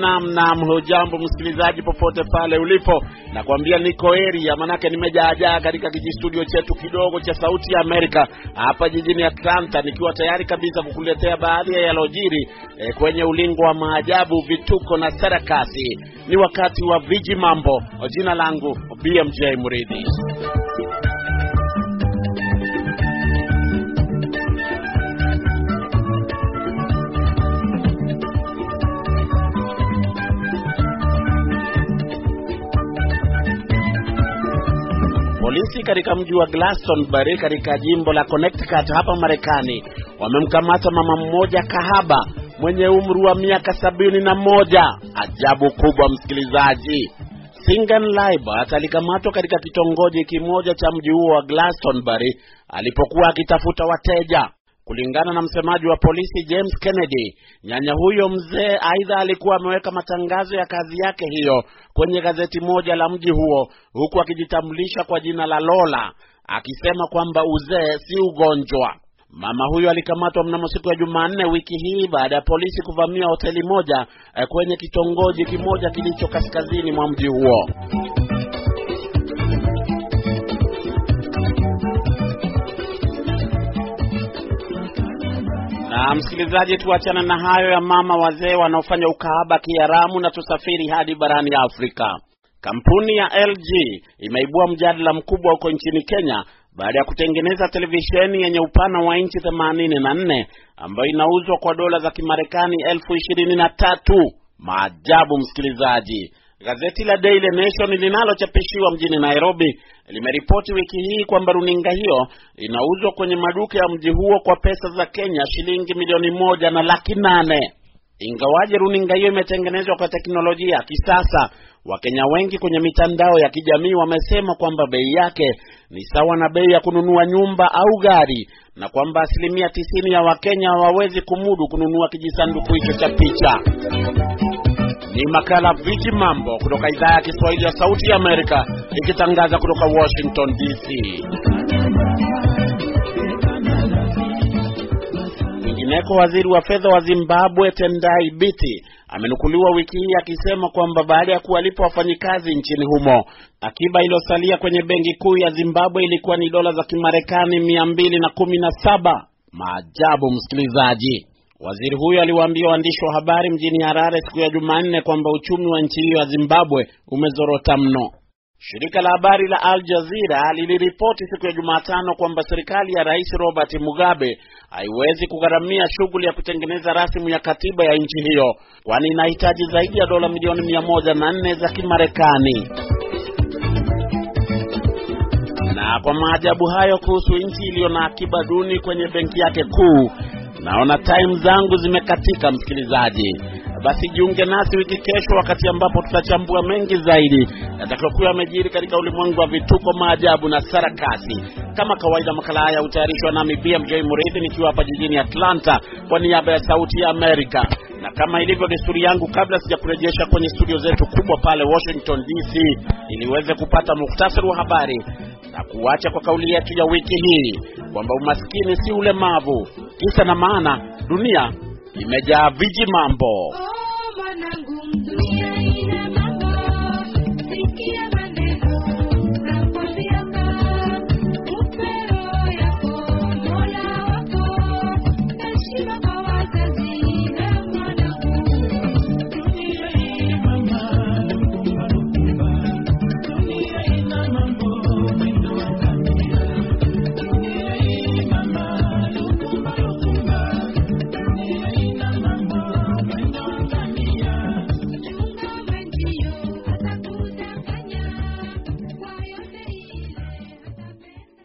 Naam, naam, hujambo msikilizaji popote pale ulipo, nakwambia niko ya manake nimejaajaa katika kijistudio chetu kidogo cha Sauti ya Amerika hapa jijini Atlanta, nikiwa tayari kabisa kukuletea baadhi ya yalojiri e, kwenye ulingo wa maajabu, vituko na sarakasi. Ni wakati wa viji mambo. Jina langu BMJ Muridhi. Polisi katika mji wa Glastonbury katika jimbo la Connecticut hapa Marekani wamemkamata mama mmoja kahaba mwenye umri wa miaka sabini na moja. Ajabu kubwa, msikilizaji. Singan Laibert alikamatwa katika kitongoji kimoja cha mji huo wa Glastonbury alipokuwa akitafuta wateja. Kulingana na msemaji wa polisi James Kennedy, nyanya huyo mzee aidha alikuwa ameweka matangazo ya kazi yake hiyo kwenye gazeti moja la mji huo, huku akijitambulisha kwa jina la Lola, akisema kwamba uzee si ugonjwa. Mama huyo alikamatwa mnamo siku ya Jumanne wiki hii baada ya polisi kuvamia hoteli moja eh, kwenye kitongoji kimoja kilicho kaskazini mwa mji huo. msikilizaji, tuachana na hayo ya mama wazee wanaofanya ukahaba kiharamu na tusafiri hadi barani Afrika. Kampuni ya LG imeibua mjadala mkubwa huko nchini Kenya baada ya kutengeneza televisheni yenye upana wa inchi 84 ambayo inauzwa kwa dola za Kimarekani elfu ishirini na tatu. Maajabu msikilizaji, Gazeti la Daily Nation linalochapishiwa mjini Nairobi limeripoti wiki hii kwamba runinga hiyo inauzwa kwenye maduka ya mji huo kwa pesa za Kenya shilingi milioni moja na laki nane. Ingawaje runinga hiyo imetengenezwa kwa teknolojia ya kisasa, Wakenya wengi kwenye mitandao ya kijamii wamesema kwamba bei yake ni sawa na bei ya kununua nyumba au gari na kwamba asilimia tisini ya Wakenya hawawezi kumudu kununua kijisanduku hicho cha picha. Ni makala Viji Mambo kutoka idhaa ya Kiswahili ya Sauti ya Amerika ikitangaza kutoka Washington DC. Kwingineko, waziri wa fedha wa Zimbabwe Tendai Biti amenukuliwa wiki hii akisema kwamba baada ya kuwalipa wafanyikazi nchini humo akiba iliyosalia kwenye benki kuu ya Zimbabwe ilikuwa ni dola za Kimarekani 217 Maajabu, msikilizaji. Waziri huyo aliwaambia waandishi wa habari mjini Harare siku ya Jumanne kwamba uchumi wa nchi hiyo ya Zimbabwe umezorota mno. Shirika la habari la Al Jazeera liliripoti siku ya Jumatano kwamba serikali ya Rais Robert Mugabe haiwezi kugharamia shughuli ya kutengeneza rasimu ya katiba ya nchi hiyo kwani inahitaji zaidi ya dola milioni mia nne za Kimarekani. Na kwa maajabu hayo kuhusu nchi iliyo na akiba duni kwenye benki yake kuu Naona time zangu zimekatika, msikilizaji. Basi jiunge nasi wiki kesho, wakati ambapo tutachambua mengi zaidi yatakayokuwa yamejiri katika ulimwengu wa vituko, maajabu na sarakasi. Kama kawaida, makala haya hutayarishwa nami BMJ Murithi nikiwa hapa jijini Atlanta kwa niaba ya Sauti ya Amerika, na kama ilivyo desturi yangu, kabla sijakurejesha kwenye studio zetu kubwa pale Washington DC, ili kupata muhtasari wa habari na kuacha kwa kauli yetu ya wiki hii kwamba umaskini si ulemavu. Kisa na maana, dunia imejaa viji mambo. Oh,